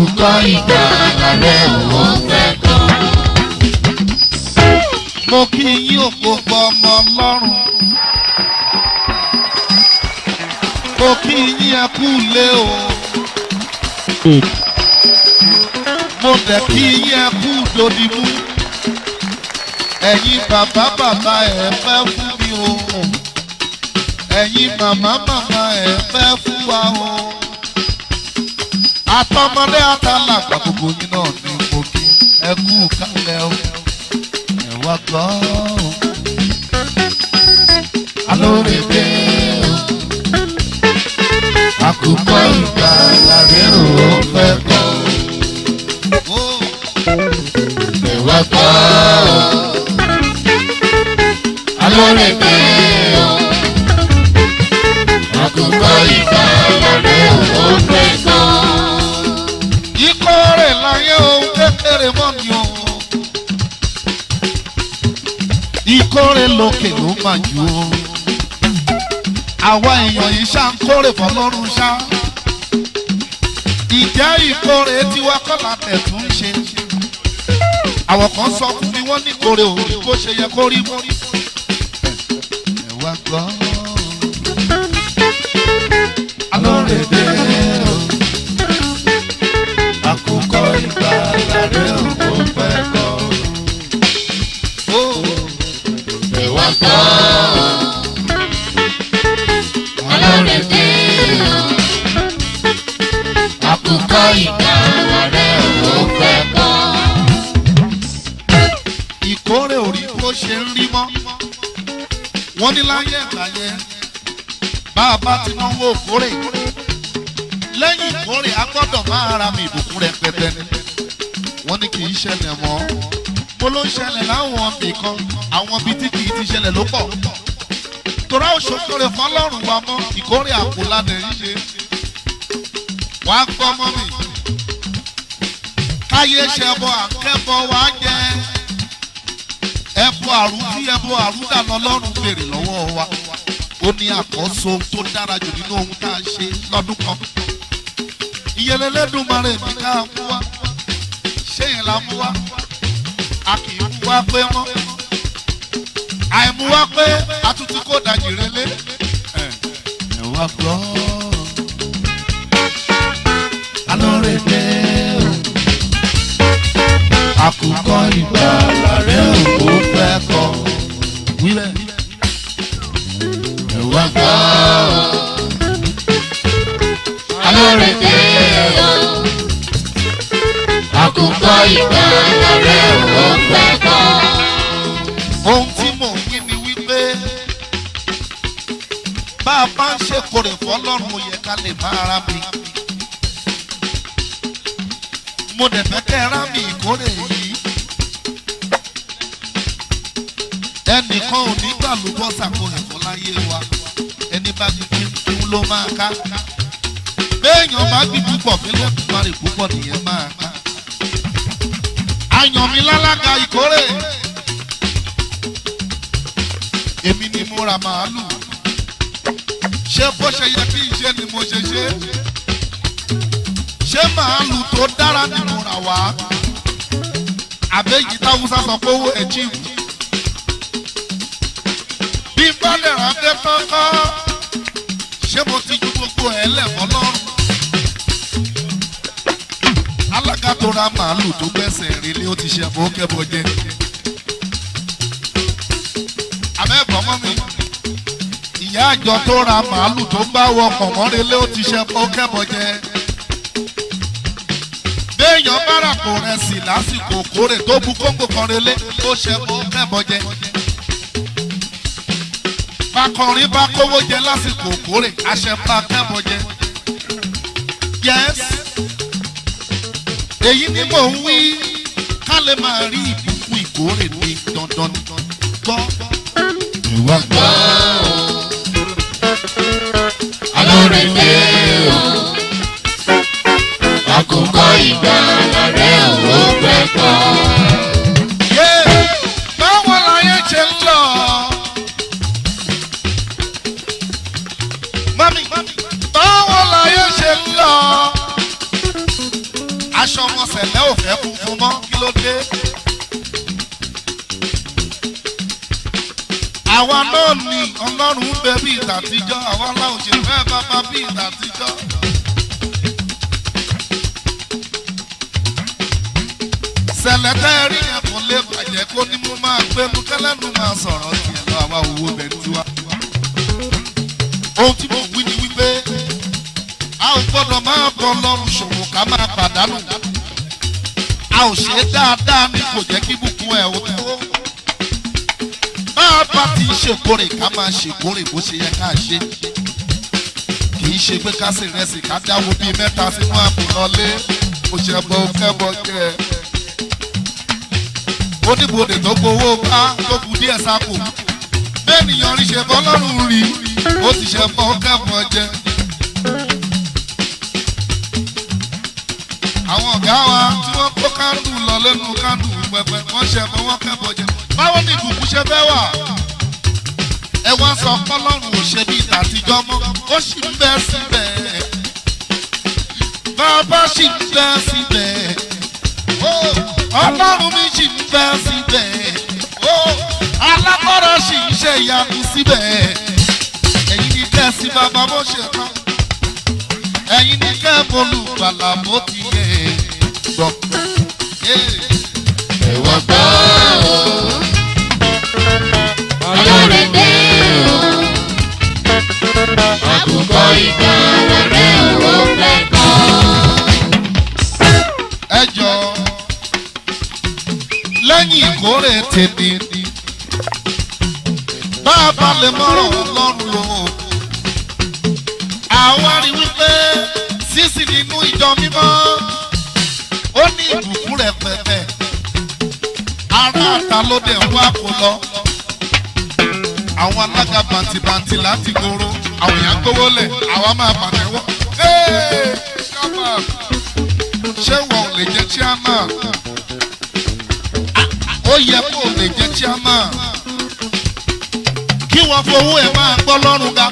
àkùkọ ìgbà àlẹ́ òwò fẹ́ tán. mo kí yín òkòkò ọmọ ọlọ́run. mo kí yín ẹkú lé o. mo dẹ̀ kí yín ẹkú dodi mú. ẹ̀yin bàbá bàbá ẹ̀ fẹ́ fún mi o. ẹ̀yin màmá màmá ẹ̀ fẹ́ fún wa o àtọmọlé àtàlàgbà gbogbo yín náà ní òkè ẹ kú kálẹ̀ o ẹ wá gbọ́ o. alórèdè o àkùkọ ìgbà làrírò ó fẹ́ kọ́ o ẹ wá o. alórèdè o àkùkọ ìgbà lókè ló mà jù ú. àwa èèyàn yìí ṣá ń kórè fọlọ́run ṣá. ìjẹ́ ìkórè tiwa kọ́lá tẹ̀tún ṣe. àwọn kan sọ fún mi wọ́n ní kórè òun bó ṣe yẹ kó rí mọ́. ẹ wá gbọ́. bá ti náwó kórè lẹ́yìn ìkórè a gbọ́dọ̀ máa ra mi ìbùkún rẹpẹtẹ ni wọ́n ní kì í ṣẹlẹ̀ mọ́ mo ló ń ṣẹlẹ̀ láwọn nìkan àwọn ibi tí kì í ti ṣẹlẹ̀ ló pọ̀ torá òṣòkòrè fọlọ́run wa mọ́ ìkórè àpò ládẹ ń ṣe wàá gbọ́ mọ́ mi káyé ṣẹbọ àkẹ́bọ wàá jẹ ẹbọ àrùn bí ẹbọ àrùn dànù ọlọ́run béèrè lọ́wọ́ wa ó ní àkọ́so tó dára jù nínú ohun tá a ṣe lọ́dún kan ìyẹlẹlẹ́dùnmarè mi ká mú wá ṣéyìn la mú wá a kì í mú wá pé mọ́ àìmú wá pé atutu kò dàjì relé ẹ̀ wá gbọ́. alọ́rẹ̀ bẹ́ẹ̀ o àkùkọ ìgbà. rèké o. Àkùkọ ìtàn ọ̀rẹ́ ò ń pẹ́ tán. Ohun tí mò ń yí ni wípé bá a bá ń ṣe kórè fọlọ́run yẹ ká lè bá ara mi. Mo dẹ̀ fẹ́ kẹ́ rá mi ìkórè yìí. Ẹnìkan ò ní gbàlúbọ́sà kórè fọláyé wa. Ẹni bá ti fi kú ló máa ká téèyàn bá bí púpọ̀ mílíọ̀nù parí púpọ̀ nìyẹn máa. ayàn mi lálága ìkórè èmi ni mo ra màálù ṣé bó ṣe yẹ kí n ṣe ni mo ṣe ṣe ṣé màálù tó dára ni mo rà wá àbẹ́yìí táwùsá sọ pé owó ẹ̀ bí bá lè rà dé rá màálù tó gbẹ́sẹ̀ rìn ni ó ti ṣe àbọ̀ kẹ́bọ̀ jẹ. àbẹ́bọ̀ mọ́ mi ìyá àjọ tó ra màálù tó bá wọ kọ̀mọ́rin lé ó ti ṣe àbọ̀ kẹ́bọ̀ béèyàn bára kò rẹ̀ lásìkò kórè tó bu kóńgò kan relé ó ṣe àbọ̀ kẹ́bọ̀ jẹ. bá kówó jẹ lásìkò kórè àṣẹ bá kẹ́bọ̀ jẹ. yẹ́sì èyí ni mò ń wí ká lè máa rí ìbùkún ìkórè ní dandan gbọ́. ìwà gbọ́ o alórèlé o àkùkọ ìgbà lọ́rẹ́ òwò pẹ́ pọ̀. máa bí ìtàtijọ́. sẹ̀lẹ̀tẹ̀ rí yẹn kò lè bàjẹ́ kó ní mo máa gbé mu a ò gbọ́dọ̀ máa bọ̀ lọ́rùn ṣòwò ká a ò ṣe dáadáa ni kò jẹ́ kí a bá ti ṣèkórè ká máa ṣèkórè bó ṣe yẹ ká ṣe kì í ṣe pé ká sì rẹsì ká jáwó bíi mẹ́ta sínú àpò lọlé òṣèbọ kẹbọ jẹ. oníbodè tó gbowó ká tó kù díẹ̀ sáko bẹ́ẹ̀nìyàn rí ṣe bọ́lọ́run rí ó sì ṣe bọ́ kẹbọ jẹ. àwọn ọ̀gá wa tí wọ́n kó kánú lọ lẹ́nu kánú pẹpẹ wọ́n ṣe bọ́ wọ́n báwo ni ìbùkún ṣe fẹ́ wà ẹ wá sọ pọ́lọ́run ò tàtijọ́ mọ́ ó sì ń bẹ síbẹ̀ bàbá sì ń bẹ síbẹ̀ ọlọ́run mi sì ń bẹ síbẹ̀ alágbára sì ń ṣe ìyanu síbẹ̀ ẹ̀yin ni kẹ́sì bàbá bó ṣe tán ẹ̀yin ni kẹ́ẹ̀bù olùgbàlà bó ti yẹ gbọ́. ẹ wá gbọ́ ọ́. àkùkọ ìtàn lọ́rẹ́ òwò fẹ́ kọ́. ẹ jọ lẹ́yìn ìkórè tèmi bá a bá lè mọ̀rọ̀ ọlọ́run lòun àwa rí wípé sísì nínú ìjọ mímọ́ ó ní ìbùkún rẹ̀ pẹ̀pẹ̀ ara àta ló dẹ̀ ń wá kó lọ àwọn alága bàǹtìbàǹtì láti gbòòrò àwọn èèyàn gbówó lẹ̀ àwa máa pàtẹ́wọ́. ṣé wọn ò lè jẹ́ chairman? ó yẹ kó o lè jẹ́ chairman. kí wọ́n fowó ẹ̀ máa gbọ́ lọ́rùn ga.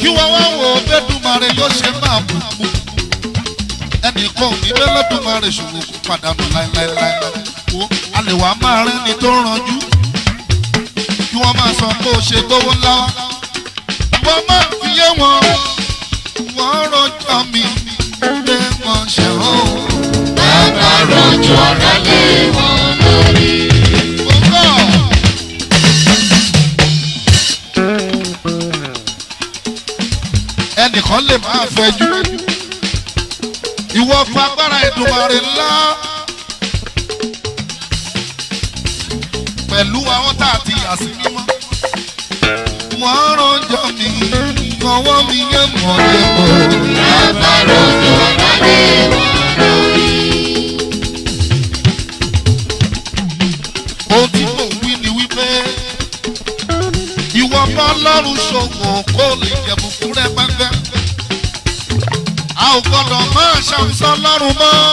kí wọ́n wá wo bẹ́ẹ̀dùmarè yóò ṣe máa bù kú. ẹnìkan ò ní bẹ́ẹ̀lẹ́dùmarè ṣòro kó pàdánù láéláéláé. wo alẹ́ wàá máa rẹ́ni tó ranjú kí wọ́n máa sọ pé ó ṣe gbówó ńlá wá wọ́n má fi yé wọn wọ́n rọjọ́ mi lé wọn ṣẹ̀wọ̀n. bàbá rọjò ọ̀rọ̀ lé wọn lórí. ẹnìkan lè máa fẹjú ìwọ fún pẹ̀lú àwọn tá a ti mímọ́ wọ́n rọjò mi fọwọ́ mi yẹ mọ̀ yẹ mọ̀. lábàárọ̀ sọ̀rọ̀ lé wọ́n lórí. ohun tí mò ń wí ni wípé ìwọ bá lọ́rùn ṣọ̀wọ́n kó lè jẹ̀bùkún rẹ̀ gbágbá. a ò gbọ́dọ̀ máa ṣàǹsọ́ lọ́rùn mọ́.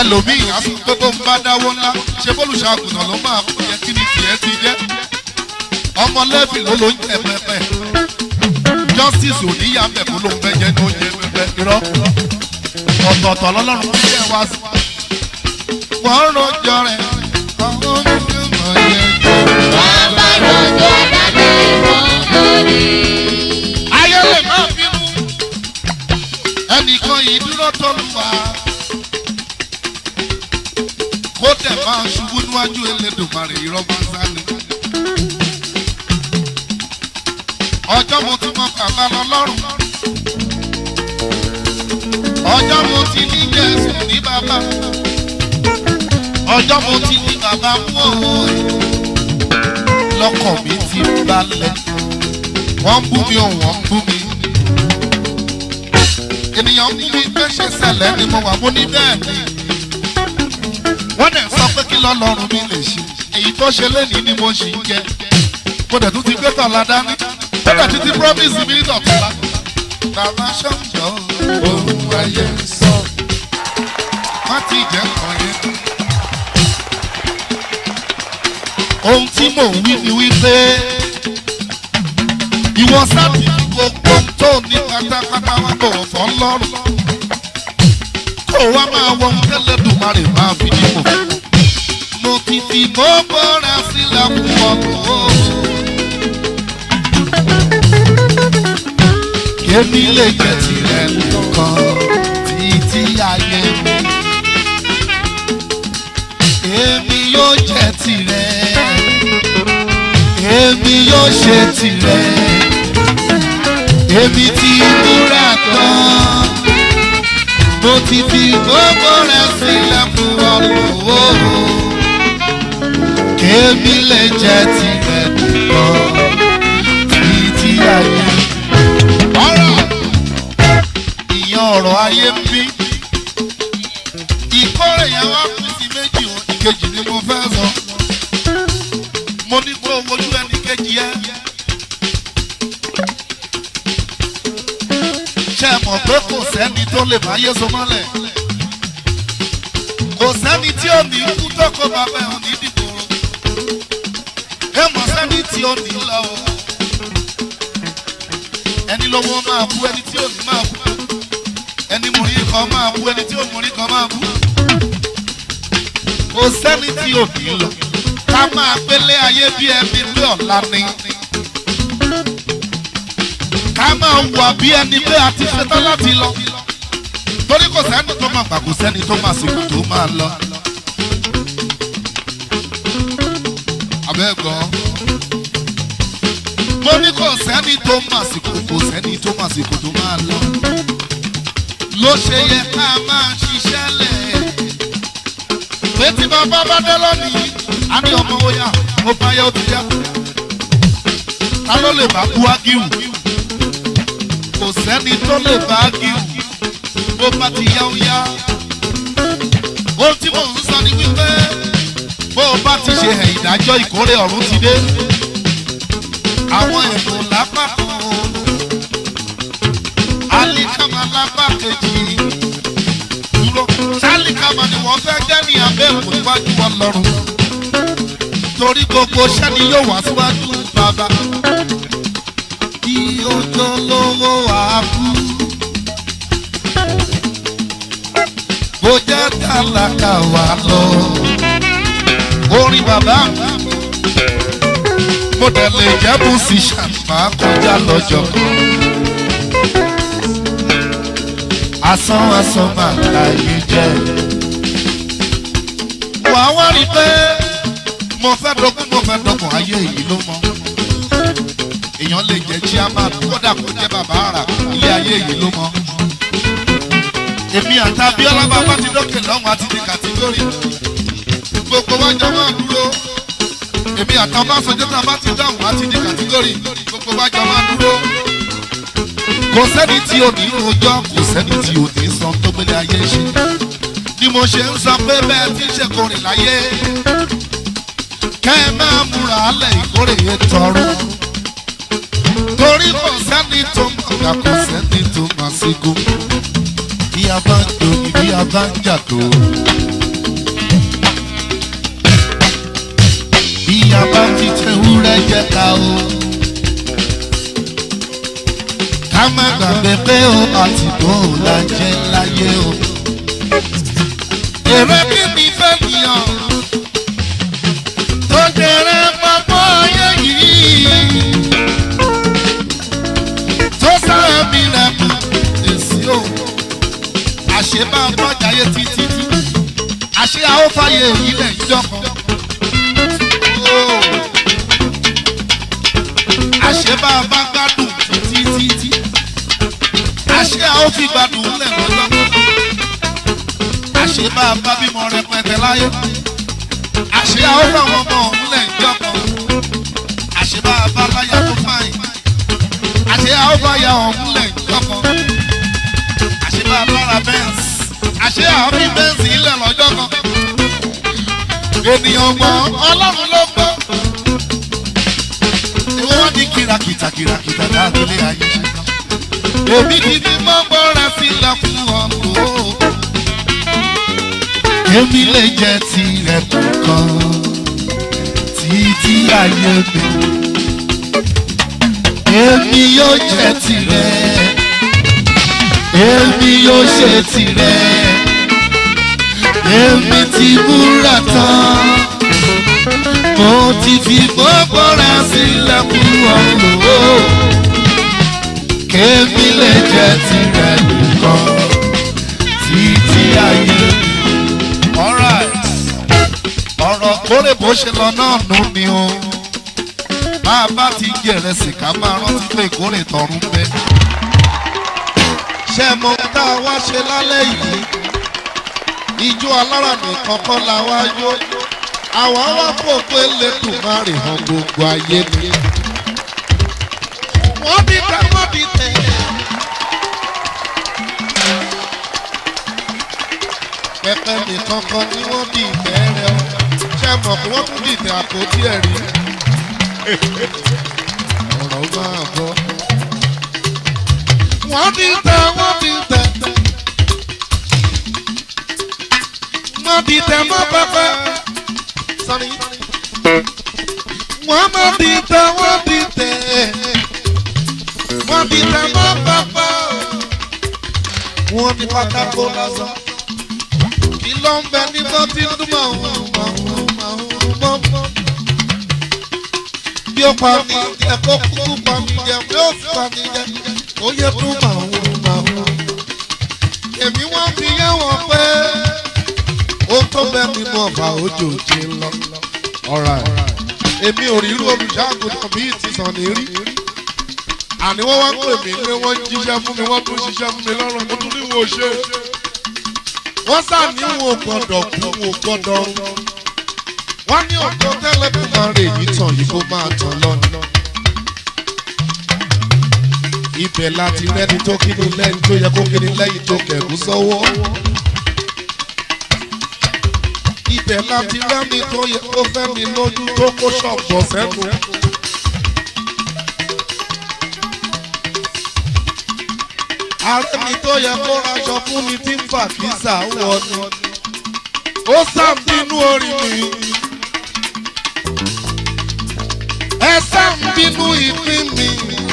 ẹlòmíì àsìkò tó ń bá dáwó ńlá ṣe bólùṣàgùnà ló máa fún yẹ kí ni tiẹ̀ ti jẹ́ ọmọ lẹ́fì ló ló ń jẹ pẹpẹ justice ò níyà ń bẹ̀ kó ló ń fẹ́ jẹ́ ní oúnjẹ pẹpẹ irọ́ ọ̀tọ̀ọ̀tọ̀ lọ́lọ́run ń jẹ́ wá sí. wọ́n ń rẹ̀ ọmọ ojú mọ̀ yẹn. wọ́n bá rojọ́ dáná ìwọ̀n lórí. ayé lè bínú ẹnìkan yìí dúró tó máa ṣubú níwájú Elédùmarè irọ́ máa ń sá ni. ọjọ́ mo ti mọ bàbá lọ lọ́rùn. ọjọ́ mo ti ní Jésù ní bàbá. ọjọ́ mo ti ní bàbá mú òun. lọ́kàn mi ti balẹ̀. wọ́n bú mi ò wọ́n bú mi. ènìyàn bú mi pé ṣe ṣẹlẹ̀ ni mo wà mo ní bẹ́ẹ̀ ni tọ́lọ́run mi lè ṣe èyí tó ṣe lénìí ni mo ṣì ń jẹ mo dẹ̀ tún ti gbé tọ̀la dání mo dẹ̀ tún ti promise mi dọ̀tọ̀la tàbá ṣọ́njọ́ òun ayé sọ má ti jẹ́ kàn yẹn. ohun tí mò ń wí ni wípé ìwọ sábì gbogbo tó ní pátápátá wà kò fọ́ lọ́rùn kó wa máa wọ ohun tẹ́lẹ̀ dùn má rè máa fi ní òkìtì bó bóra sílẹ̀ púpọ̀ kó. kémi lè jẹ tirẹ̀ nìkan títí ayé mi. èmi yóò jẹ tirẹ̀ èmi yóò ṣe tirẹ̀ èmi ti múra tán mo ti fi gbogbo rẹ̀ sílẹ̀ fún ọ̀rọ̀ kémi lè jẹ́ tilẹ̀ nìkan bíi ti ayé. ọ̀rọ̀ ìyẹn ọ̀rọ̀ ayé ń bí ìkórè yẹn wá sí méjì o ìkejì ni mo fẹ́ sọ. mo ní kó o wojú ẹni kejì ẹ. ṣé ẹ mọ̀ pé kò sẹ́ni tó lè máa yé so mọ́lẹ̀ kò sẹ́ni tí ò ní kú tó kó bàbá ẹ̀ ò dì tí ó ní lọ o ẹni lówó máa kú ẹni tí ò ní máa kú ẹni múrí kan máa kú ẹni tí ò múrí kan máa kú kò sẹ́ni tí ò ní lọ ká máa gbélé ayé bí ẹbí pé ọ̀la ni ká máa wà bí ẹni pé a ti ṣetán láti lọ torí kò sẹ́ni tó máa gbà kò sẹ́ni tó máa sìnkú tó máa lọ. abẹ́ẹ̀gbọ́n mo ní kò sẹ́ni tó màsìkò kò sẹ́ni tó màsìkò tó máa lọ ló ṣe yẹ ká máa ṣiṣẹ́ lẹ̀ pé tí bàbá bá dé lónìí a ní ọmọ wo yá mo bá yá ó yá ta ló lè bá bu ágìrù kò sẹ́ni tó lè bá ágìrù bó bá ti yá ó ohun tí mò ń sọ ni wípé bó o bá ti ṣe ẹ̀yìn ìdájọ́ ìkórè ọ̀run ti dé àwọn ètò lápapọ̀ alikama lápàkejì dúró sálikama ni wọ́n fẹ́ jẹ́ ní abẹ́wò níwájú ọlọ́run torí gbogbo sẹ́ni yóò wá síwájú bàbá bí ojú olówó wà á kú bó jẹ́ tálákà wà lọ orin bàbá mi mo dẹ̀ lè jẹ́ bùsì ṣàǹfà kọjá lọ́jọ́ kan. asán asán máa ta yé jẹ́. wà á wá rí pé mo fẹ́ dọ́kun mo fẹ́ dọ́kun ayé èyí ló mọ́. èèyàn lè jẹ́ chairman kódà kó jẹ́ bàbá àrà ilé ayé èyí ló mọ́. èmi àtàbí ọlọ́gbà bá ti dókè lọ́wọ́ àti ní kàtígórì gbogbo wájọ máa dúró èmi àtàwọn bá sọjọ́ tá a bá ti dáhùn àti di kàtígórì gbogbo bá jọ máa dúró. kò sẹ́ni tí ò ní rojọ́ kò sẹ́ni tí ò ní san tó gbélé ayé ṣe ni mo ṣe ń sọ pé bẹ́ẹ̀ tí ń ṣe kọrin láyé kẹ́ ẹ máa múra alẹ́ ìkórè tọrọ torí kò sẹ́ni tó mọ̀gà kò sẹ́ni tó màsíkò bí a bá ń jò bí a bá ń jà tó. tá a bá ti tẹ̀wúrẹ́ jẹ ká o. ká má gbàgbé pé o àtìgbò la jẹ láyé o. èrè bí mi fẹ́ nìyàn tó jẹrẹ pápá ayé yìí tó sáré mi lẹ́kùn èsì o àṣé máa tọ́jà ayé títí àṣé àwọn fàyè ìlẹ̀ ìjọ kan. a bá gbádùn títí àṣé a ó fi gbádùn lẹ́nu lọ́kọ́ àṣé bá a bá bímọ rẹpẹtẹ láyé àṣé a ó fáwọn ọmọ ọ̀hún lẹ̀ ń jọkọ̀ àṣé bá a bá láyà tó fáyìn àṣé a ó bá ya ọ̀hún lẹ̀ ń jọkọ̀ àṣé bá a bá ra bẹ́ẹ̀nsì a ó fi bẹ́ẹ̀nsì ilẹ̀ lọ́jọ́ kan ènìyàn gbọ́n ọlọ́run ló gbọ́n ní kìràkìtà kìràkìtà táàbílé ayé ṣe kan. èmi gidi mọ́ bọ́ra sí lọ́kùn ọ̀pọ̀. èmi lè jẹ́ tirẹ̀ kankan títí ayé mi. èmi yóò jẹ́ tirẹ̀ èmi yóò ṣe tirẹ̀ èmi ti búra tán mo ti fi gbogbo rẹ̀ sílẹ̀kùn ọ̀run o kémi lè jẹ́ tirẹ̀ nìkan títí ayé. ọ̀rọ̀ kórè bó ṣe lọ náà nù ni o máa bá ti gẹ̀rẹ́ sí ká máa rántí pé kórè tọ̀run bẹ́ẹ̀. ṣé mo tá a wá ṣe lálẹ́ yìí ijó alára nìkan kọ́ la wá yó àwọn arápò pé lẹ́kùn má rè hàn gbogbo ayé ni. wọ́n ní dámọ́dì tẹ̀. pẹpẹ mi kankan ni wọ́n di ìtẹ́ rẹ o ṣe mọ̀ pé wọ́n tún di ìtẹ́ àpótí ẹ̀ rí. ọ̀rọ̀ máa bọ̀. wọ́n ní tẹ wọ́n ní tẹ. wọ́n di tẹ mọ́ pẹpẹ lásán ni. wọ́n má di tán wọ́n di tẹ̀. wọ́n di tán mọ́ bàbá o. wọ́n di pátákó lásán. kí ló ń bẹ ní bọ́tí dúmọ̀ òun òun òun mọ́. bí ó pa mi jẹ kó kúkú pa mi jẹ bí ó pa mi jẹ ó yẹ kó pa. nínú ọba òjò ti lọ èmi ò rí irú olùṣàgùtàn bíi ti sàn ní rí àní wọ́n wá pè mí pé wọ́n jíṣẹ́ fún mi wọ́n tún ṣiṣẹ́ fún mi lọ́rùn mo tún níwò ṣe wọ́n sàní wọn gbọ́dọ̀ kú wọn gbọ́dọ̀ wọ́n ní ọ̀dọ́ tẹ́lẹ̀kùn máa rè yìí tàn yìí kó máa tàn lọ́nà ibẹ̀ láti rẹ́ni tó kíni lẹ́yìn tó yẹ kó kíni lẹ́yìn tó kẹ̀kú sọ́wọ́ ibẹ̀ la ti rẹ́ni tó yẹ kó fẹ́ mi lójú tó kó ṣọ̀pọ̀ sẹ́nu. ààrẹ mi tó yẹ kó aṣọ fún mi tí ń fà kí sà ń wọ ni. ó sàbínú orí mi. ẹ sàbínú ìpín mi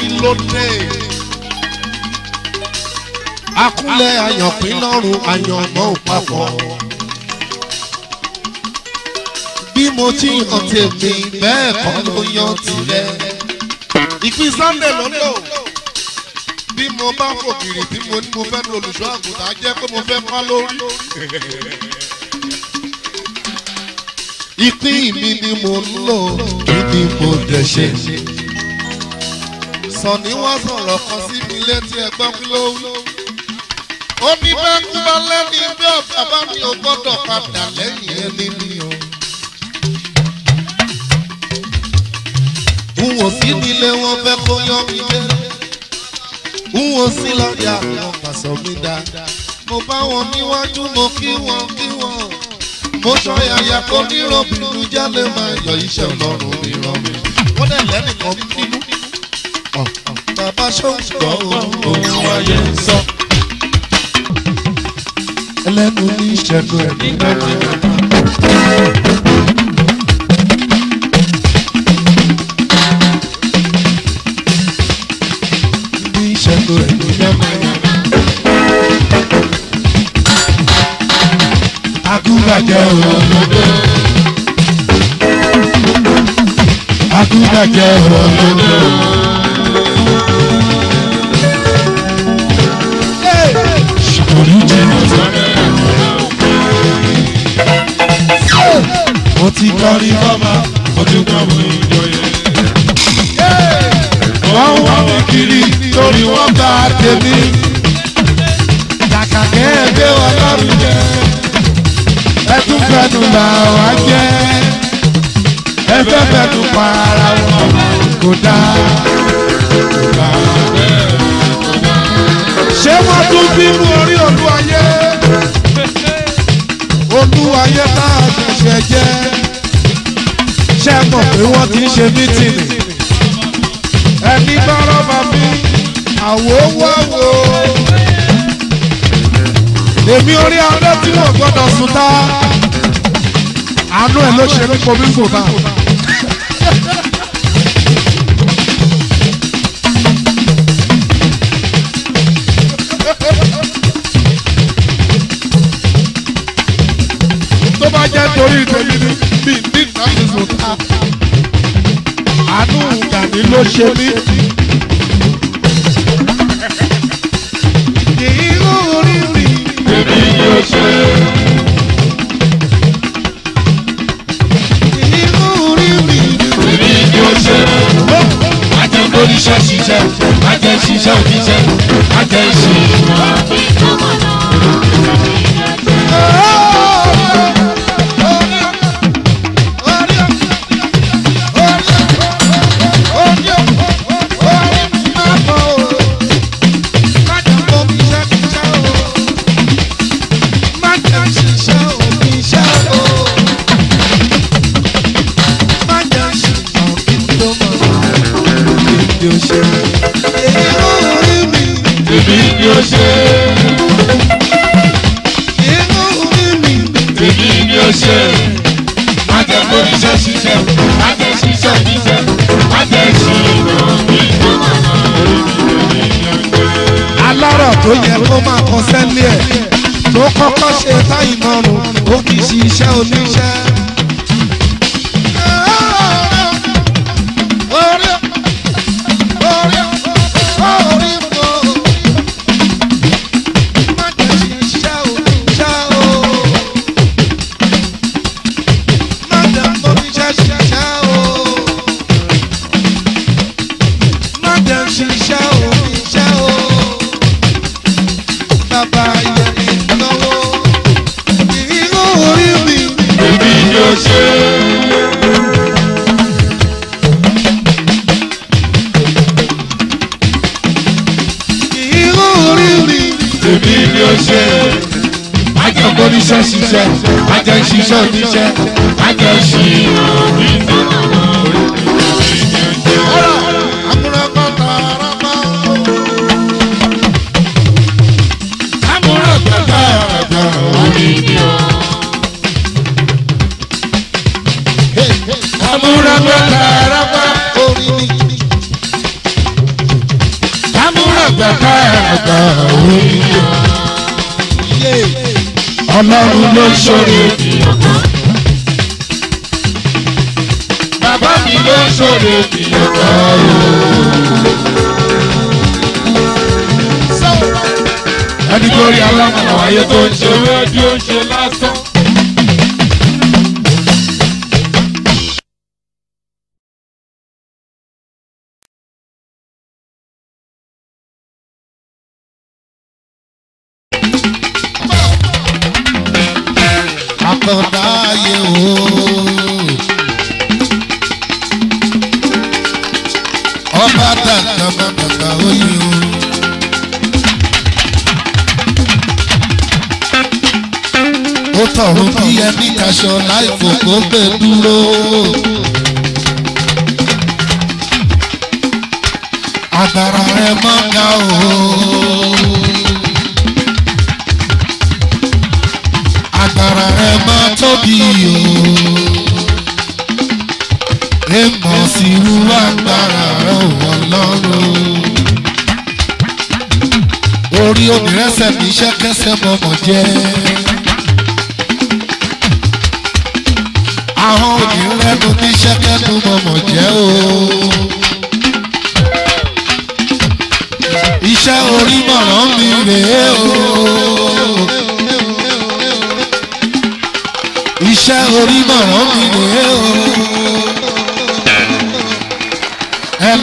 ìlòdè. akúnlẹ̀ àyànpín lọ́rùn àyànmọ́ òpapọ̀. mo ti hàn tèmi bẹ́ẹ̀ kọ́ ló yan tirẹ̀. ìpín sunday ló bí mo bá fòkìrì tí mo ní mo fẹ́ lo olùṣọ́ àgùntàn jẹ́ pé mo fẹ́ pa lórí. ìpín mi ni mo ń lò kí mo dẹ̀ ṣe. sọ̀ni wá sọ̀rọ̀ kan sí mi létí ẹgbẹ́ mi lówó. ó ní bẹ́ẹ̀ kú bá lẹ́ni bí ọ̀bá mi ò gbọ́dọ̀ padà lẹ́yìn ẹni mi ò. n ò sí nílé wọn fẹ́ kó yán mi dé n ò sí lọ́dẹ àwọn pàṣọ mi dá mo bá wọn níwájú mo kí wọn kí wọn mo sọ yàyà kó nírò bínú jálè máa yọ iṣẹ́ ọlọ́run níràn mi wọ́n dẹ̀ lẹ́nìkan nínú bàbá ṣòǹkọ́ òun wáyé sọ ẹlẹ́nu ní ìṣẹ́gun ẹ̀ nígbà tí wọ́n bá. akúbàjẹ́ òdodo. akúbàjẹ́ òdodo. ṣùkòrí jìnnà sọ́dọ̀. mo ti kọrin bọ́mà mo tún kọ́ mo ìjọ yẹn. wọ́n wá mi kiri torí wọ́n bá tèmi. kàkà kẹ́ ẹ gbé wa lárugẹ tún fẹnu bà wá jẹ́ ẹ fẹ́ fẹnu pa ara wọn kò dáa. ṣé wọ́n tún bínú orí olúwayé olúwayé tá a ṣẹ̀ṣẹ̀ jẹ́ ṣé mọ̀ pé wọ́n ti ń ṣe mítìnì ẹni bá rọ́bà mi àwo wá wo èmi orí alẹ́ tí mo gbọ́dọ̀ sùn tá àánú ẹ̀ ló ṣe mí mo bí ń gòkà. tó bá jẹ́ torí ìtẹ̀mí ni mi ní ìtàkì sùtà àánú Gani ló ṣe mí. Kì í oníṣẹ́ ṣiṣẹ́ ajẹ́ ṣiṣẹ́ òṣìṣẹ́ ajẹ́ ìṣe. ló ṣe. má jẹ́ kó iṣẹ́ ṣiṣẹ́ o má jẹ́ ṣiṣẹ́ ṣiṣẹ́ má jẹ́ ṣìnà ìjọba alárọ̀ tó yẹ kó máa kọ sẹ́lẹ̀ tó kọ́kọ́ ṣe táyì náà ó kì í ṣiṣẹ́ oníṣẹ́. lóde kì í ọkọ o. ẹni tó rí alámọ̀nà ayé tó ń ṣe owó tí ṣe lásán.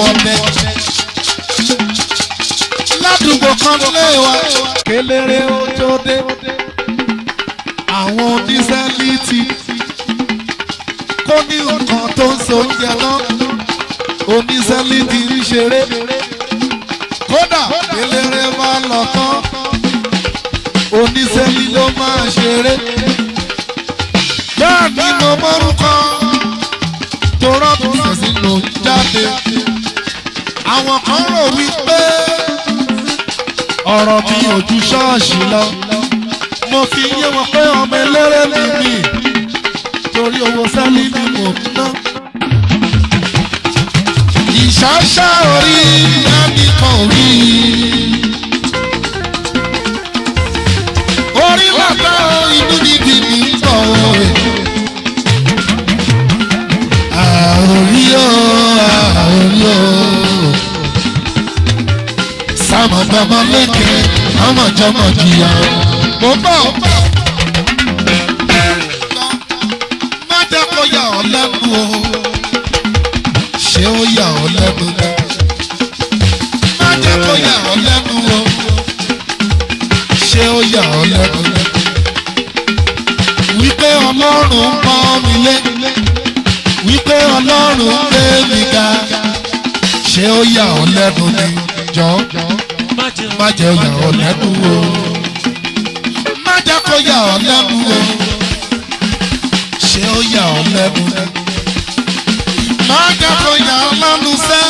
wọbẹ̀. ládùúgbò kan lé wa kéléré ó tó dé. jọmọ jìyà. mo bá jẹ́ yà ọ́ lẹ́nu o má jẹ́ kó yà ọ́ lẹ́nu o ṣé ó yà ọ́ lẹ́nu má jẹ́ kó yà ọ́ lẹ́nu sẹ́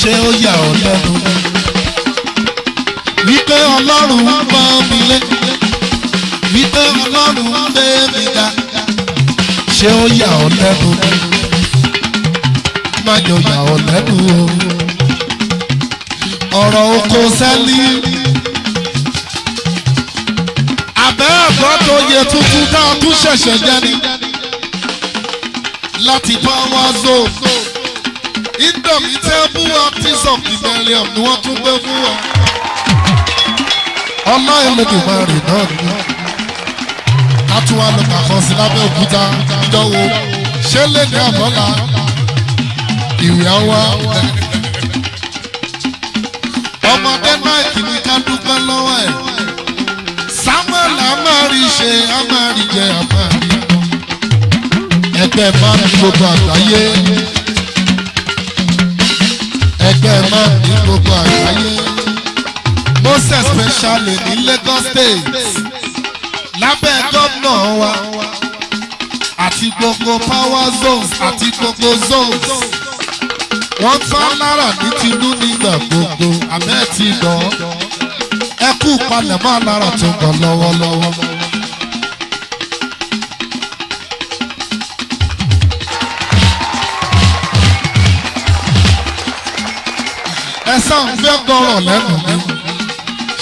ṣé ó yà ọ́ lẹ́nu wípé ọlọ́run ń pọ́ mi lé wípé ọlọ́run ń gbé mi ga ṣé ó yà ọ́ má jẹ́ yà ọ́ o ọ̀rọ̀ oko sẹ́lí. àbẹ́ ẹ̀gbọ́n tó yẹ tuntun tá a tún ṣẹ̀ṣẹ̀ jẹ́ ni láti bá wọn zò. indomitable artist of the million ni wọ́n tún gbé fún wọn. ọlá Elédùmarè náà ni a tún wá lọ sí lábẹ́ òkúta ìjọ ṣé lè ní àbọ̀là ìwé àwa. dúpẹ́ lọ́wọ́ ẹ̀ Samuel a máa rí ṣe a máa rí jẹ a máa rí mọ́ ẹgbẹ́ máa ní gbogbo àgbáyé ẹgbẹ́ máa ní gbogbo àgbáyé most especially ní Lagos State lábẹ́ gómìnà wa àti gbogbo power zones àti gbogbo zones wọ́n fá lára ní tinú nígbà gbogbo abẹ́ ti ẹ kú palẹ̀ mọ́ alára tó ń bọ̀ lọ́wọ́lọ́wọ́. ẹ sáà ń fẹ́ gbọ́rọ̀ lẹ́nu mi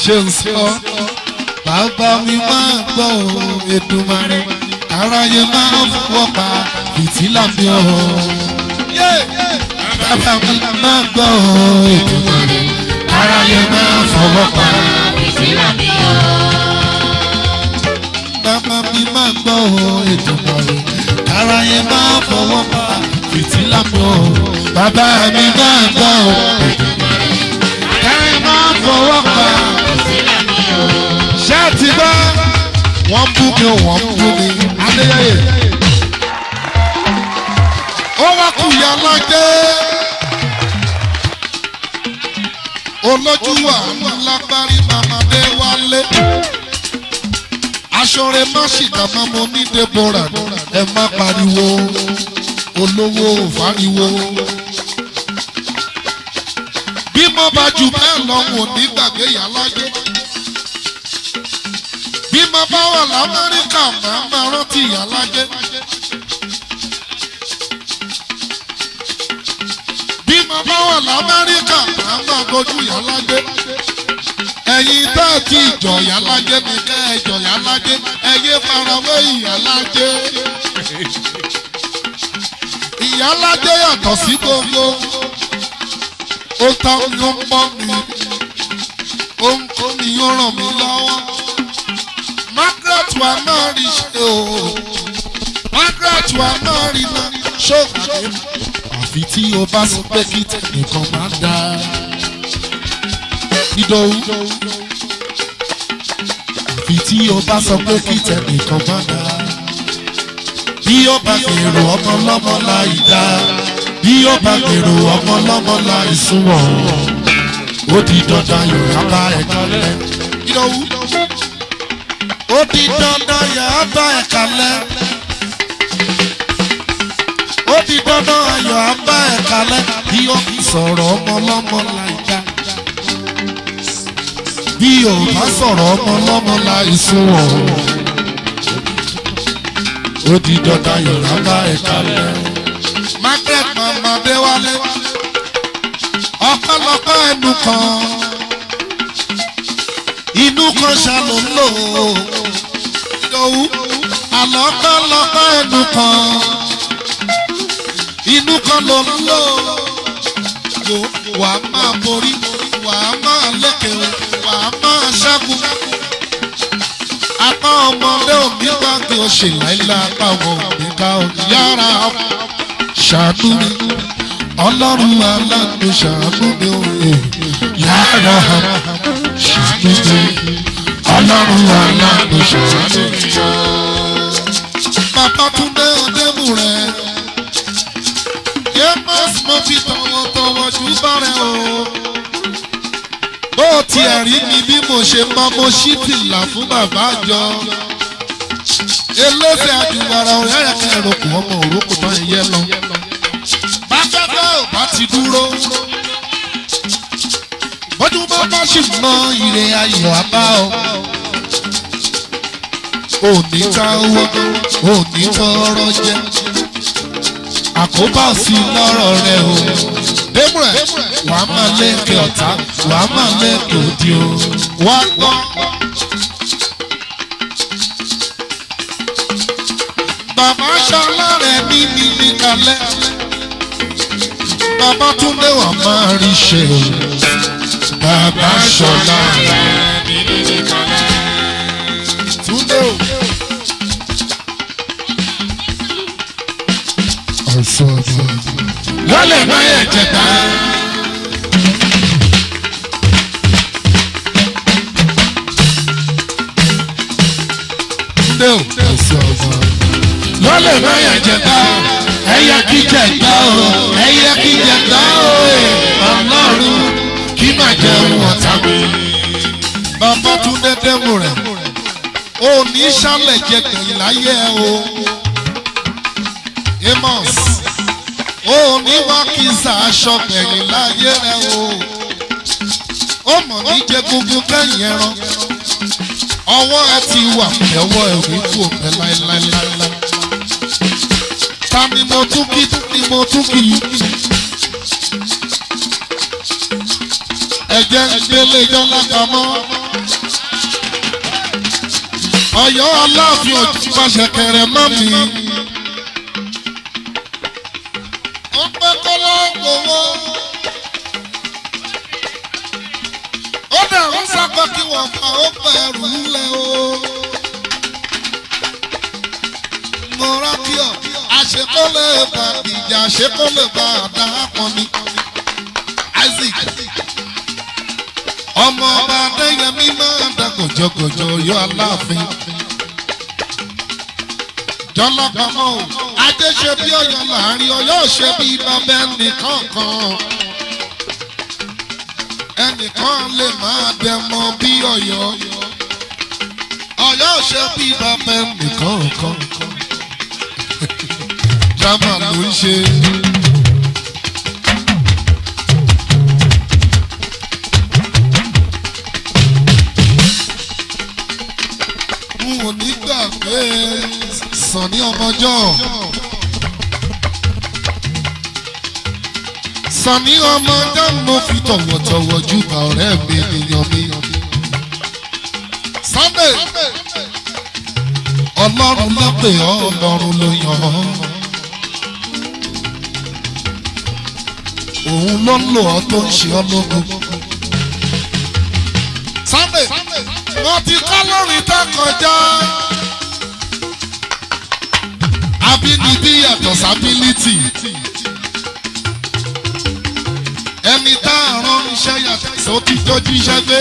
ṣe ń sọ bàbá mi máa gbọ́ Èdùmàrè aráyé máa ń fọwọ́ pa fìtílà mi ọ̀rọ̀ bàbá mi máa gbọ́ Èdùmàrè aráyé máa ń fọwọ́ pa. Nàìjíríà mi o. Bàbá mi máa gbọ́ ètò ọ̀rọ̀, ara yẹn máa fọwọ́ pa fìtílà mi o. Bàbá mi máa gbọ́ ètò ọ̀rọ̀, ara yẹn máa fọwọ́ pa fìtílà mi o. Ṣé àti bá wọ́n bú mi wọ́n bú mi? Adéyẹyẹ. Ó wá kù yà lọ́jẹ́ olójú wa ńlá bá. ṣọrẹ má ṣìkà má mo ní Deborah ẹ má pariwo olówó òfáriwo. bí mo bá jù bẹ́ẹ̀ lọ wò ní gbàgbé yàláyé bí mo bá wà l'Amẹ́ríkà máa máa rántí yàláyé. bí mo bá wà l'Amẹ́ríkà máa máa gbójú yàláyé ẹ̀yin tá a ti jọ̀yà ládé mi kẹ́ ẹ jọ̀yà ládé ẹ̀yẹ farawé ìyá ládé. ìyá ládé yàtọ̀ sí gbogbo ó ta ló ń pọ́ mi ó ń kó mi ó ràn mí lọ́wọ́. Margaret wa máa rí ṣe o Margaret wa máa rí náà ṣó àfi tí o bá sọ pé kí tẹnìkan máa dáa. Ìdòwú. Àfi tí o bá sọ pé kí tẹnìkan má dá. Bí ó bá gbèrò ọmọ lọ́mọ láì dá. Bí ó bá gbèrò ọmọ lọ́mọ láì súnmọ́. Ó di dandan yóò bá ẹ̀ka lẹ̀. Ìdòwú. Ó di dandan yóò bá ẹ̀ka lẹ̀. Ó di dandan ayọ̀ á ẹ̀ka lẹ̀. Bí ó sọ̀rọ̀ ọmọ lọ́mọ láì dá bí o bá sọ̀rọ̀ ọmọ lọ́mọ láìsú ọ̀ ó di dọ́ta yorùbá ẹ̀ka lẹ́. margaret mama déwálé ọ̀pọ̀lọpọ̀ ẹnu kan inú kan ṣàlò ń lò ó ìdòwú àlọ́pọ̀lọpọ̀ ẹnu kan inú kan ló ń lò wàá máa borí wàá máa lékè apá aṣágun apá ọmọdé òbí bá gbé ọṣẹ láìla apá ọmọ òbí bá yára ṣàánú mi ọlọ́run aláàánú ṣàánú mi òye yára ṣàánú mi ọlọ́run aláàánú ṣàánú mi. bàbá tún dé ọdẹ́mù rẹ̀ yé pásítọ̀ fi tọwọ́tọwọ́ jù rẹ̀ o ó tiẹ̀ mi bí mo ṣe mọ́ mo ṣí fìlà fún bàbá àjọ eléfẹ́ àdùwàrà ọ̀rẹ́ kẹrò kù ọmọ òrókò tán ẹyẹ lọ bákẹ́kẹ́ ò bá ti dúró bọ́dún bá bá sì mọ ire ayọ̀ àbá o. òní táwọ́ òní tọrọ jẹ àkóbá sí lọ́rọ̀ rẹ o débùrẹ̀ wàá máa lẹ́kẹ̀ ọ̀tá wàá máa lẹ́kẹ̀ òdi o wá gbọ́. bàbá ṣalárẹ̀ mi ní ní kalẹ́ bàbá Túndé wà máa rí ṣe bàbá ṣọlá rẹ̀ mi ní. lọ́lẹ̀ báyẹ̀ jẹ̀ta. lọ́lẹ̀ báyẹ̀ jẹ̀ta ẹ̀yà kí jẹ̀ta o ẹ̀yà kí jẹ̀ta o ọlọ́run kí má jẹun ọ̀tá mi. bàbá tún dẹ́dẹ́ mú rẹ̀ ó ní sálẹ̀ jẹ gbẹ̀yìn láyé o. amos ó ní wá kí sàṣọ kẹ̀yìn láyé rẹ o ó mọ̀ ní jẹ gúngún kẹ́yìn ẹran ọwọ́ ẹ ti wà lẹ́wọ́ ẹ̀rí kò pẹ́ láéláéláé ta ni mo tún kí ni mo tún kí ẹ̀jẹ̀ gbélé jọ́lá pamọ́ Ọ̀yọ́ Aláàfin òjì pàṣẹ kẹrẹ mọ́ mi. ṣé kó lè bá a dá pọn mi. Isaac ọmọ ọba Adéyẹmí máa dá gòjògòjò yọ aláàfin. Jọlọ́pamọ́ o, Adé ṣe bí Ọ̀yọ́ láàrin Ọ̀yọ́ ṣe bí bàbá ẹnìkan kan. Ẹnìkan lè máa dẹmọ bí Ọ̀yọ́. Ọ̀yọ́ ṣe bí bàbá ẹnìkan kan. Adama ló ń ṣe. n ò ní gbàgbé Sànní ọmọjọ́. Sànní ọmọjọ́ mo fi tọ̀wọ̀tọ̀wọ̀ júbà ọ̀rẹ́ mi nìyàn mi. Sunday ọlọ́run ló ọ́ ọlọ́run ló yàn ọ́. òun ló lò ọ́ tó ń ṣe ọ́ lógo. Sunday mo ti kọ́ lórí tó kọjá. Abínibí yàtọ̀ sábílítì. Ẹni tá a rán iṣẹ́ yàtọ̀ sókè tó jíṣẹ́ gbé.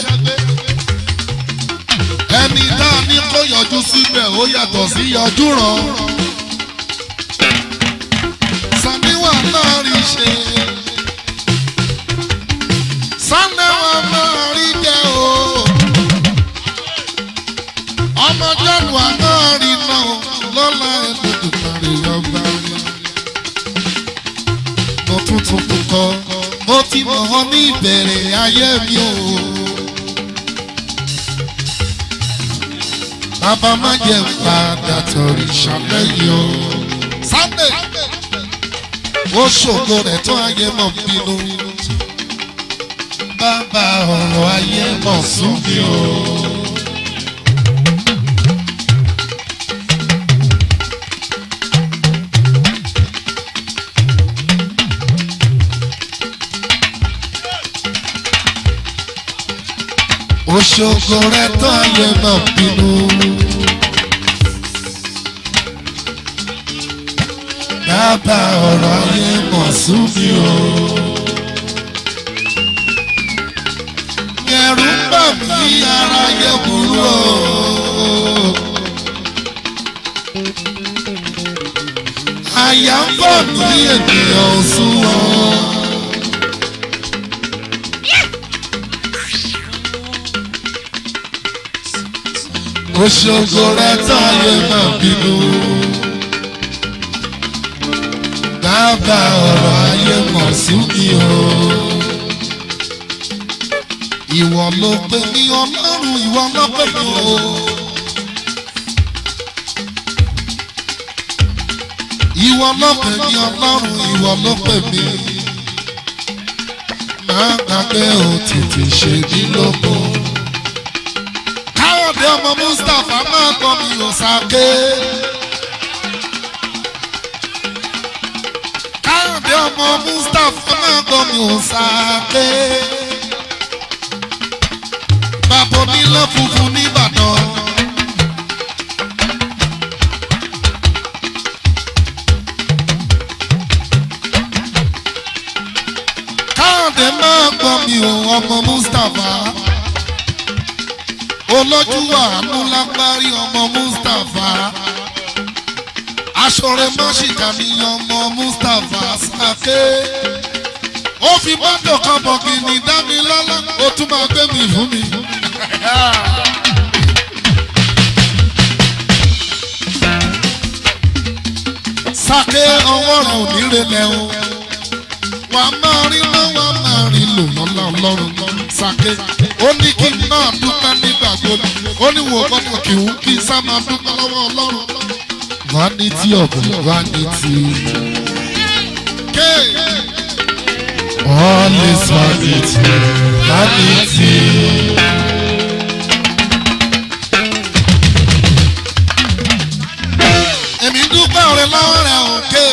Ẹni tá a ní kó yọjú síbẹ̀ ó yàtọ̀ sí yọjú ràn. Sàmíwà náà rí ṣe. ti mọ̀ ọ́ ní ìbẹ̀rẹ̀ ayé mi o. bàbá má jẹ́ padà torí ṣàlẹ́yìn o. Sunday ó ṣògo rẹ̀ tó ayé mọ̀ bínú. bàbá ọ̀rọ̀ ayé mọ̀ sún mi o. ṣògo rẹ tán lè má bínú. dábàá ọ̀rọ̀ ayé mọ̀ sún mi o. ẹ̀rù ń bà mí ara yẹ burú Oṣogbo rẹ táyé máa bínú. Dábàá ọ̀rọ̀ ayé mọ̀ mi o. Ìwọ ló pe mí ọlọ́run ìwọ ló pe mí o. Ìwọ ló pe mí ọlọ́run ìwọ ló pe mí. Má gbàgbé o tètè ṣe mí lóko. Mustapha máa kọ mi ò sàké. Káyọ̀dé ọmọ Mustapha máa kọ mi ò sàké. Bàbá mi lọ funfun nìbàdàn. Káyọ̀dé máa kọ mi ò ọmọ Mustapha olójú àánú alágbárí ọmọ Mustapha aṣọre mọ́ṣíkà mi ọmọ Mustapha sàké ó fi mọ́tò kan bọ̀gìnì dá mi lọ́lá ó tún máa gbé mi fún mi. sàké ọwọ́ rẹ̀ ò ní relẹ̀ o wàá máa rí lọ́wọ́ máa rí lò lọ́lá ọlọ́run sàké ó ní kí n máa dúpẹ́ nígbà gbogbo ó ní wò gbọ́dọ̀ kì í kí n sá máa dúpẹ́ lọ́wọ́ ọlọ́run. vanity of vanity. all is vanity vanity. èmi dúpẹ́ ọ̀rẹ́ lọ́wọ́ rẹ̀ òkè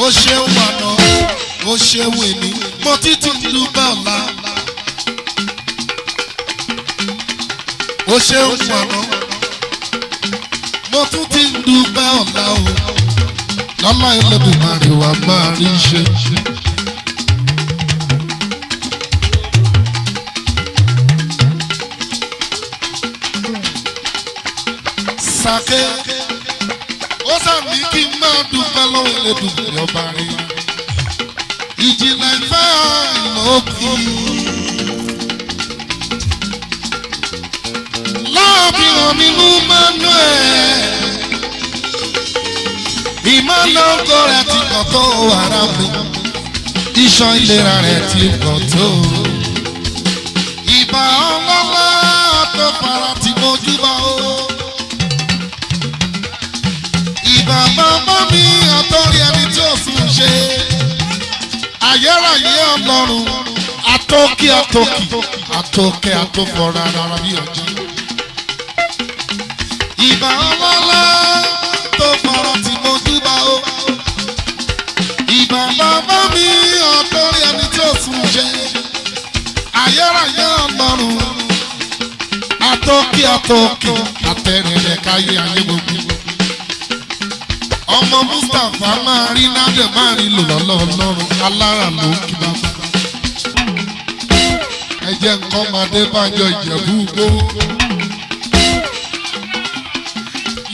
ó ṣeun àná ó ṣeun èmi mo ti dúpẹ́ ọ̀la. o ṣeun mọ̀nà mo tún ti ń dúpẹ́ ọ̀la o lọ́mọ Ẹlẹ́dùmarè wà máa rí ṣe. sake ó sàmì kí n máa dúpẹ́ lọ́wọ́ Ẹlẹ́dùmarè ọba rẹ̀ ìjìnlẹ̀ ìfẹ́ ìlú òkú. mi ràn mí lú mọ́nú ẹ̀. ìmọ̀nà ọkọ rẹ̀ ti kàn tó ara mi iṣan ìlera rẹ̀ ti kàn tó. ìbà ọlọ́lá tó fara ti mojú bá o. ìbà màmá mi àtọ́rí ẹni tí ó sùn ṣe. ayérayé ọlọ́run atókè atókè atókè atófọ̀ra rárá bí ọjọ́ ìbà ọlọ́lá tó fọ̀rọ̀ tí mo júbà ó. ìbà bàbá mi ọ̀tọ́rí ẹni tó sùn jẹ ayérayé ọlọ́run atọ́kí atọ́kí atẹ́rẹ̀rẹ̀ káyé ayé gbogbo. ọmọ Mustapha máa rí nádẹ̀ máa rí lò lọ́lọ́ ọlọ́run alára ló ń kí bàbá. ẹ jẹ́ nǹkan máa dé bá jọ ìjẹ̀bú gbó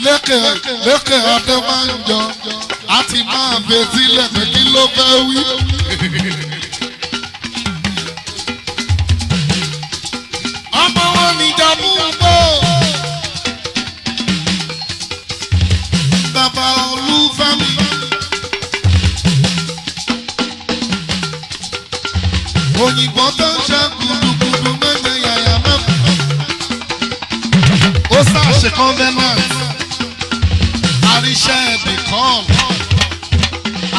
lẹ́kẹ̀ lẹ́kẹ̀ adé máa ń jọ a ti máa betí lẹ́kẹ̀ kí ló fẹ́ wí. ọmọ wọn níjà mú gbó. bàbá olúfẹ́mi. òyìnbó tó ń ṣe kùdùkùdù méje yàyà mẹ́fà. ó sáà ṣe kọ́ńvẹ́nà àtẹ̀ríṣẹ́ bìkan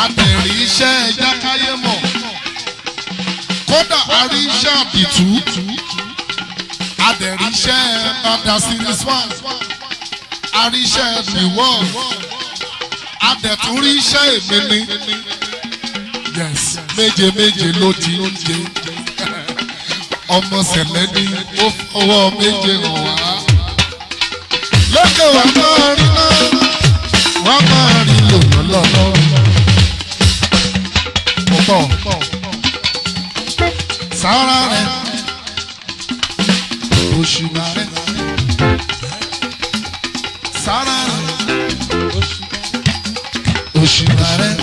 àtẹ̀ríṣẹ́ jákáyé mọ̀ kódà àríṣẹ́ àbìtú àtẹ̀ríṣẹ́ bàdàsíníswá àríṣẹ́ bìwọ́ àtẹ̀túríṣẹ́ èmi ni yes méje méje ló ti ń jẹ ọmọ sẹlẹ ní ó fọwọ́ méje hàn wá lókè wà máa rí náà wọ́n máa rí lòyàn lọ́wọ́. Pọ̀pọ̀ sára rẹ̀ òṣìnà rẹ̀ sára rẹ̀ òṣìnà rẹ̀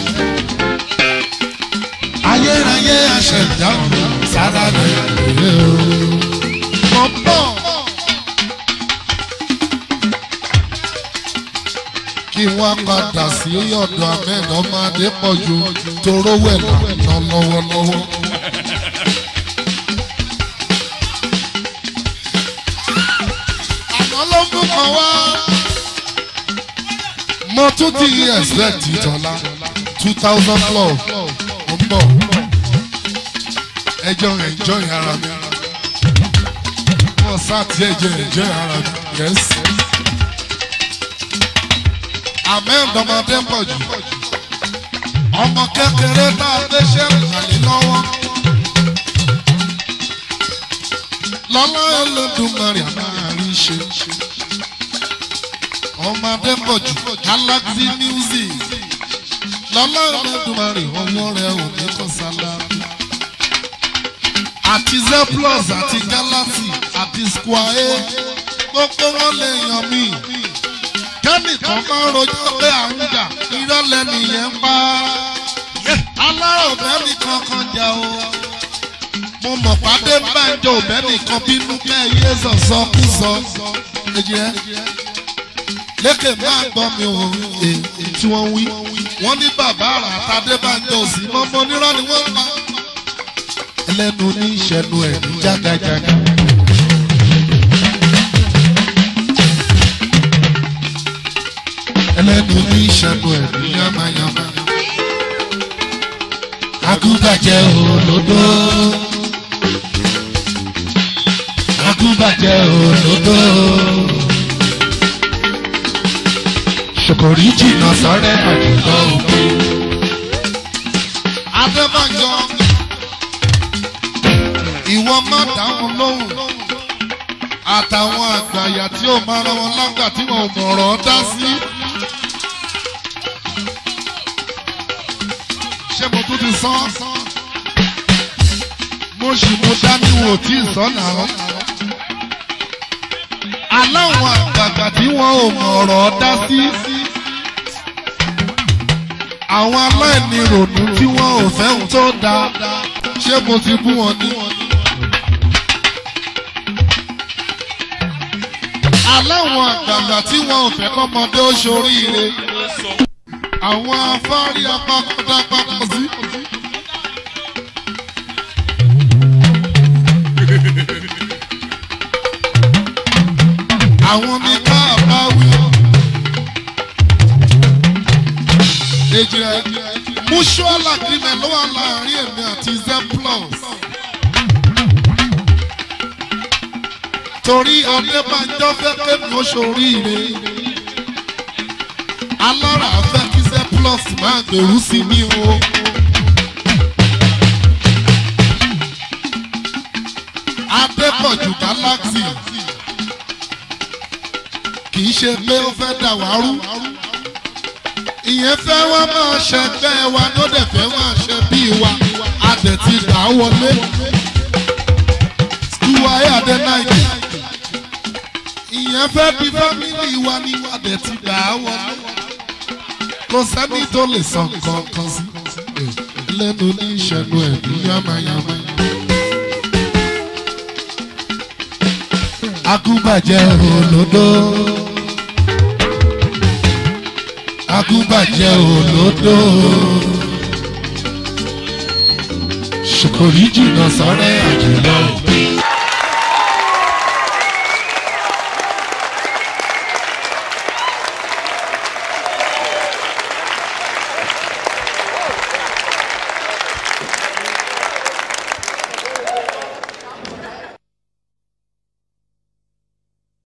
ayérayé aṣẹ̀dá sára rẹ̀ rẹ̀ o. Pọ̀pọ̀. wá padà sí ọ̀dọ̀ ahmed ọmọ adépọ̀jù torówó ẹ̀ lọ lọ́wọ́lọ́wọ́. àmọ́ ló mú kan wá. mo tún ti expect ìtọ́lá two thousand plus mo ń bọ̀ ẹjọ́ enjoy ara mi wọ́n sá ti ẹjọ́ enjoy ara mi yes. yes àmín tọmọdé pọ̀ jù ọmọ kékeré tá a gbé ṣe àlè lọ́wọ́ lọ́lá Ẹlẹ́dùmarè àmàrí ṣe ọmọ Adépọ̀jù Galaxy music lọ́lá Ẹlẹ́dùmarè ọwọ́ rẹ̀ ò ní kọ́ sálábì àti zeplus àti Galaxy àti square gbogbo wọn lè yàn mí kẹ́nìkan kan rojọ́ pé à ń jà irọ́ lẹ́nìyẹn ń pa aláròbẹ́ nìkan kan jà o mo mọ̀ pàdé bàjẹ́ òbẹ́ nìkan bínú kẹ́ iye sọ̀sọ́ kú sọ èjì ẹ́ lékè máa gbọ́ mi ò tí wọ́n wí wọ́n ní bàbá àrà àtàdé òsì mọ́mọ́ nírọ́ ni wọ́n pa ẹlẹ́nu ní ìṣẹ́nu ẹ̀ ní jágajàga. ẹlẹ́nu ní ìṣẹ́nu ẹ̀mí yamayama. Agúbàjẹ́ òlòdó. Agúbàjẹ́ òlòdó. Ṣòkòrí jìnnà sọ́rẹ́ àjùlọ òkú. Adébájọ, ìwọ má dáhùn lóhùn àtàwọn àgbàyà tí ó máa rán wọn lágbà tí wọn ò mọ̀ràn dá sí. kálukú ti sọ mo sì mo dání wò tí ì sọ náà aláwọn àgbààgbà tí wọn ò mọ ọ̀rọ̀ dá sí àwọn aláìní ròdù tí wọn ò fẹ́ ohun tó dáa ṣé mo ti bú wọn ní. aláwọn àgbààgbà tí wọn ò fẹ́ kọ́mọdé ó ṣoríire àwọn afárí apákọ̀dápákọ̀ sí. àwọn mi ká bá wí. èjì ẹ mutual agreement ló wà láàrin èmi àti zeplus. torí ọdẹ máa ń jọ́ fẹ́ kémi ó ṣoríire alára fẹ́. Carlos máa gbèrú sí mi o. Adépọ̀jù Galaxy kì í ṣe pé ó fẹ́ dà wá rú. Ìyẹn fẹ́ wá máa ṣẹgbẹ́ wa ló dẹ̀ fẹ́ wá ṣe bí wa. A dẹ̀ ti dà á wọlé. Skúwa ẹ̀ Adé Náìjì. Ìyẹn fẹ́ bí fámìlì wa ni a dẹ̀ ti dà á wọlé kò sẹ́ni tó lè sọ kankan sí lẹ́nu ní ìṣẹ̀nu ẹ̀dùn yámayámá. akúbàjẹ́ olódó akúbàjẹ́ olódó ṣòkòrí jìnnà sọ́rẹ́ àjùlọ.